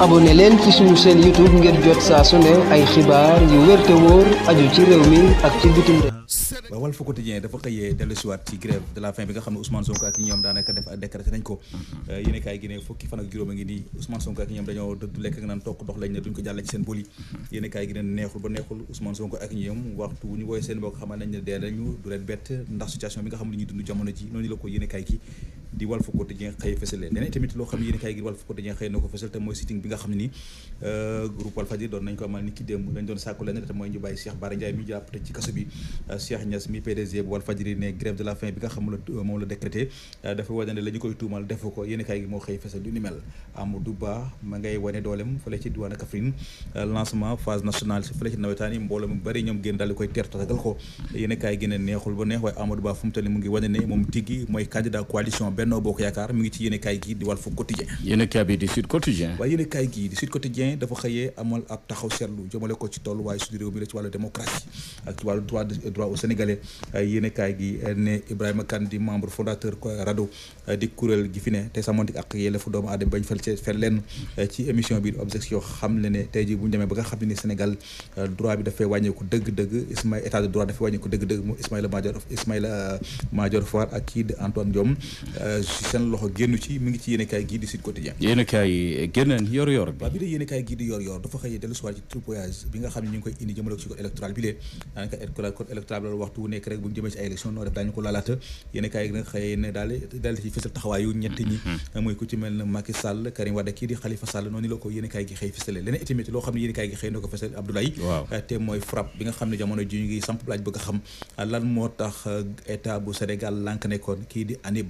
abonné leen ci suñu chaîne YouTube ngir jot saa su ne ay xibaar yu wér te wóor aju ci réew mi ak ci bitim réew. waaw Walf Quotidien dafa xëyee dellusiwaat ci grève de la faim bi nga xam ne Ousmane Sonko ko euh, fan ak juróom a ngi nii Ousmane Sonko ak ñoom dañoo dëdd lekk nga naan tokk dox lañ ne duñ ko jàllale ci seen boli yéen gi ne neexul ba neexul Ousmane Sonko ak ñoom waxtu ñu wooye seen mbokk xamal nañ ne dee nañu du leen bett ndax situation bi nga xam ne ñu dund jamono ji noonu di Walf Quotidien xëy fësale leneen tamit loo xam ne yéen kaay gi Walf Quotidien xëy na ko fësal te mooy sitting bi nga xam ni euh, groupe Walfadjri doon nañ ko mooy ñu euh, euh, dafa wane ne koy tuumal defu ko yéen kaay gi moo xëy fësal lu ni mel Amadou Ba ma ngay wane doolem fële ci diwaanu Kaffrine lancement phase nationale si fële ci nawetaan mbooloo mu bëri ñoom génn daal di koy teer tasagal ko yéen kaay gi ne neexul ba Benno Bokk Yaakaar mi ngi ci yéenekaay gii di Walf Quotidien yéenekaay bi di Sud Quotidien waaye yéenekaay gii di Sud Quotidien dafa xëyee amal ab taxaw seetlu jëmale ko ci tolluwaay suñu réew mi la ci wàllu démocratie ak ci wàllu droit gi eh, eh, eh, di membre gi fi ne te sàmmantik ak yelleefu doomu aadama bañ fel ci fel lenn ci émission bi objection xam le ne tey jii bu ñu demee ba nga xam ne Sénégal droit bi dafay wàññeeku dëgg-dëgg Ismaïla état de droit dafay wàññeeku dëgg-dëgg moom Ismaïla Madior Ismaïla Madior Fall ak kii seen loxo génn ci mi bi waaw bi dee yéenekaay gii di yor yor dafa xëy dellu soir ci tripotage bi nga xam ne ñu ngi koy indi jëmale ci code électoral bi lee daanaka code électoral bi waxtu wu nekk rek taxawaayu ñett ñi mm-hmm. muy ku ci mel ne Macky Sall Karim Wade kii di Khalifa Sall noonu la ko yéenekaay gi xëy fësale leneen itamit loo xam ne yéenekaay gi xëy na ko fësal Abdoulaye ah, te mooy frappe bi nga xam ne jamono ji ngi samp laaj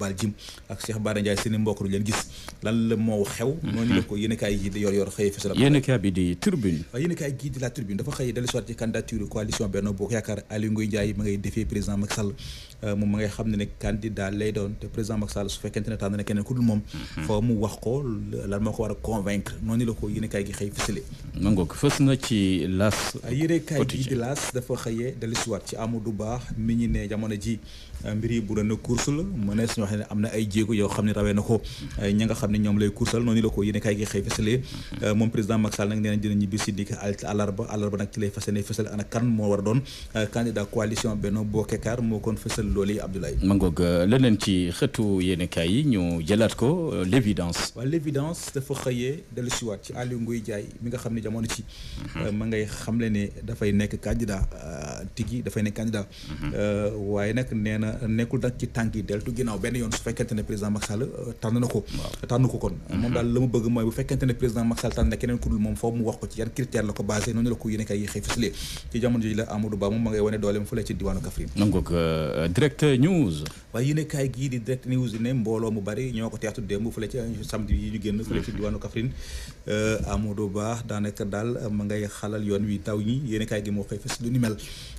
a ak Cheikh Bara Ndiaye seen i du leen gis lan la moo xew mhm. noonu la ko yéenekaay yi di yor yor dafa xëy dellu ci candidature coalition Benno euh, mhm. mu a ñu ne jamono ji euh, mbir yi bu doon course la mënees ñu wax ne am na ay ay jéego yoo xam ne rawee na ko ña nga xam ne ñoom lay kursal noonu la ko yéene kaay gi xëy fësalee euh, moom président Macky Sall nag na dina ñibbi si dikk àllarba àllarba nag a doon ne jamono euh, nekkul nag ci tànk yi deltu ginnaaw benn yoon su fekkee fekkente euh, tànn ko tànn ko kon mhm. moom daal la mu bëgg mooy bu fekkente ne président Macky tànn keneen ku dul moom foofu mu wax ko ci yan critère la ko basé noonu la ko yéene kay Ba moom ma ngay wane dooleem fële ci diwaanu euh, di direct news ne mbooloo mu bari ñoo ko teextu démb fële ci samedi yi ñu génn fële ci mhm. diwaanu Kaffrine euh, Amadou Ba daanaka daal ma ngay xalal yoon wi taw ñi yéene gi moo xëy fës lu ni mel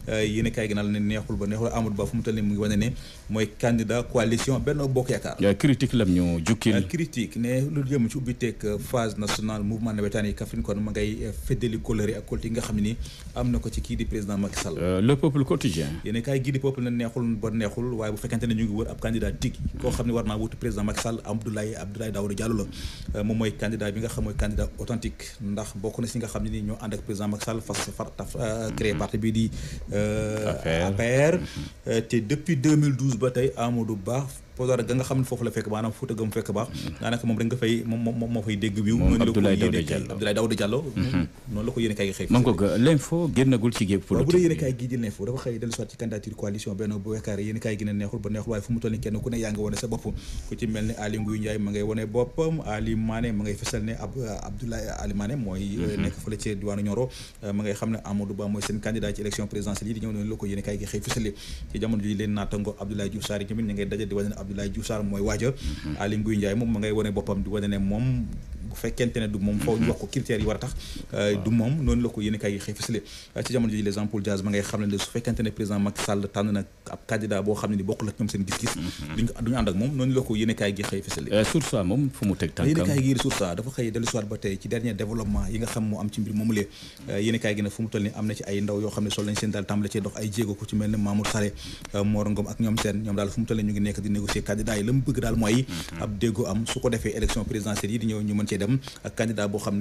yéene kaay gi naan ne neexul ba neexul Amadou Ba fu mu toll nii mu ngi wane ne mooy candidat yaakaar critique lam ñu jukkil euh, critique ne lu jëm ci ubbi teeg euh, phase nationale mouvement euh, gii di peuple na neexul ba neexul waaye bu fekkente ne ñu ngi wër ab candidat dig koo xam ne war naa président Macky Sall Abdoulaye Abdoulaye Daouda Diallo la moom mooy candidat bi nga xam mooy candidat authentique ndax bokk na si nga xam ni ñoo ànd ak président Macky fas far taf créé mm-hmm. parti bii di APR mm-hmm. te depuis ba tey Amadou Ba Podor ga nga xam ne foofu la fekk baax maanaam Fuuta ga fekk baax daanaka moom rek nga fay moom moom moo fay dégg wiw noonu la xam ne Amadou Ba mooy seen candidat ci élection présidentielle yi di ñëw noonu la ko yéene gi xëy fesal ci jamono ji leen naatango Abdoulaye Diouf Sarr ñoom it ñu ngay daje di wane Abdoulaye Diouf Sarr mooy waaja mm-hmm. Aly Ngouille Ndiaye moom ma ngay wane boppam di wane ne moom bu fekkente ne du moom faw wax ko critères yi war a tax euh, du moom noonu la ko yéen kay xëy fësale euh, ci jamono ji les Jean-Paul ngay xam ne su fekkente ne président Macky Sall tànn ak ñoom seen gis mhm. euh, daal tàmbale ne ñu ngi nekk di négocier candidat yi la mu bëgg daal mooy mhm. ab déggoo am su ko defee élection présidentielle yi di ñëw ñu mën cee cee dem ak candidat boo xam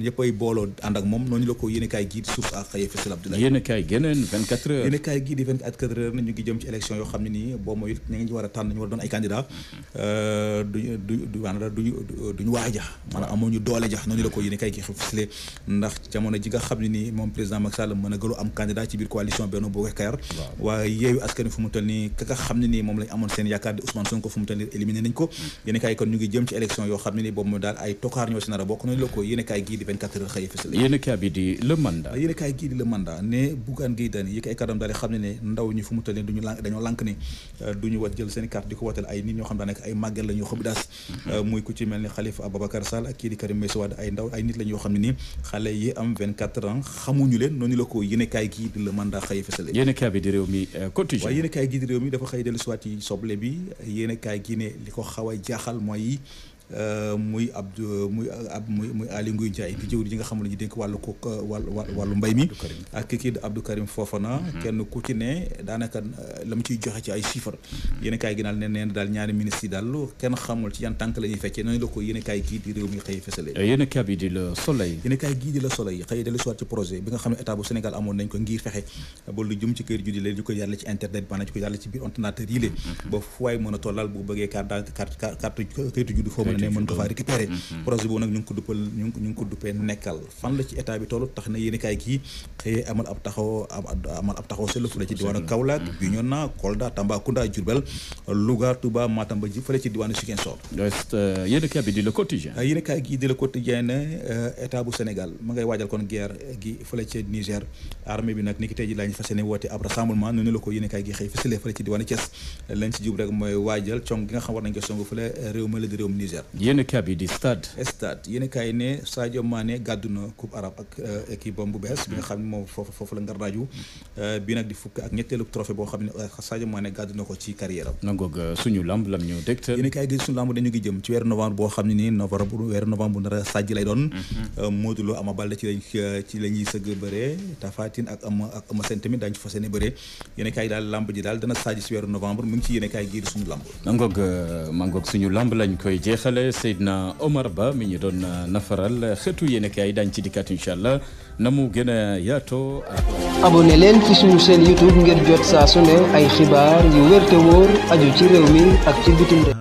ne ñu ngi ja maanaam ñu la ko yéene kaay gi euh, fësale ndax jamono moom lañ amoon seen yaakaar di Ousmane Sonko fu mu toll nii nañ ko mm. yéene kon ñu ngi jëm ci élection yoo xam ne nii boobu daal ay tokaar ñoo si nar bokk nañ la ko yéen a kaay gii di 24 heures xëy fësal yéen a kaay bi di le mandat a kaay gii di le mandat ne Bougane yi ko ay di ndaw ñi fu mu toll duñu lànk dañoo lànk ne euh, duñu wat jël seen carte di ko watal ay nit ñoo xam daanaka ay màgget la ñu xabidaas mm-hmm. euh, muy ku ci mel ni Khalifa Ababacar Sall ak kii di Karim Meïssa Wade ay ndaw ay nit la ñoo xam ne ni xale yi am 24 ans xamuñu leen noonu ko yéen a kaay gii di le mandat xëy fësal yéen a kaay bi di réew mi continue euh, waaw yéen a kaay gii di réew mi dafa xëy dellu siwaat yi soble bi gii ne li ko xaw a jaaxal mooy Euh, muy ab muy ab muy muy Aly Ngouille Ndiaye ji nga xam ne ñu wàllu ko wàllu wàllu mbay mi ak kii di Abdou Karim Fofana mhm. kenn ku ci ne daanaka euh, la mu ciy joxe ci ay chiffres mhm. yéen gi daal ne neen daal ñaari ministres yi daal kenn xamul la ñuy feccee noonu la ko yéen kaay gii di réew mi xëy fësale euh, yéen kaay di Le Soleil yéen gii di Le Soleil xëy dellu ci projet bi nga xam ne état bu Sénégal amoon nañ ko ngir fexe ba lu jëm ci kër ju di leen ko yàlla ci internet maanaam ñu ko yàlla ci biir ordinateur yi lée mhm. ba fu waay mën a tollal bu bëggee carte carte xam ne mën ko faa récupérer mhm. projet boobu nag ñu ko ko duppee nekkal fan la ci état bi toll tax na yéen kaay kii xëy amal ab taxaw amal ab taxaw seetlu fële ci diwaanu Kaolack mhm. Bignona Kolda Tambacounda Diourbel Louga Touba Matam ba ji fële ci diwaanu Ziguinchor euh, yéen kaay bi euh, gi di le quotidien ne euh, Sénégal ma ngay waajal kon guerre gi fële ci Niger armée bi nag ni ji laa ñu fas woote ab rassemblement nu ne la ko yéen gi xëy fësale fële ci diwaanu yéen kaay bi di stade. stade yéen kaay ne Sadio Mané gàddu na coupe arabe ak euh, équipe bam bu bees bi nga xam ne moom foofu foofu la ngar raaju euh, bi nag di fukk ak ñetteelu trophée boo xam ne euh, Sadio Mané gàddu na ko ci carrière am. nangoog suñu lamb lam ñu dégg. yéen kaay gi suñu lamb dañu ngi jëm ci weeru novembre boo xam ne nii novembre weeru novembre bu nar a sàjj lay doon. Mhm. Modou Lo Ama Baldé ci lañ ci la ñuy sëgg bëree Tapha Tine ak Ama ak Ama Sène tamit daañu ci fas yéene bëree yéen kaay daal lamb ji daal dana sàjj si weeru novembre mu ngi ci yéen kaay gi di suñu lamb. nangoog mangoog suñu lamb lañ koy jeexal jàppale Seydina Omar Ba mi ñu doon uh, nafaral xeetu yéenekaay daañu ci dikkaat incha allah na mu gën a yaatoo. abonné leen ci suñu seen YouTube ngir jot saa ay xibaar yu wér te aju ci réew mi ak ci bitim réew.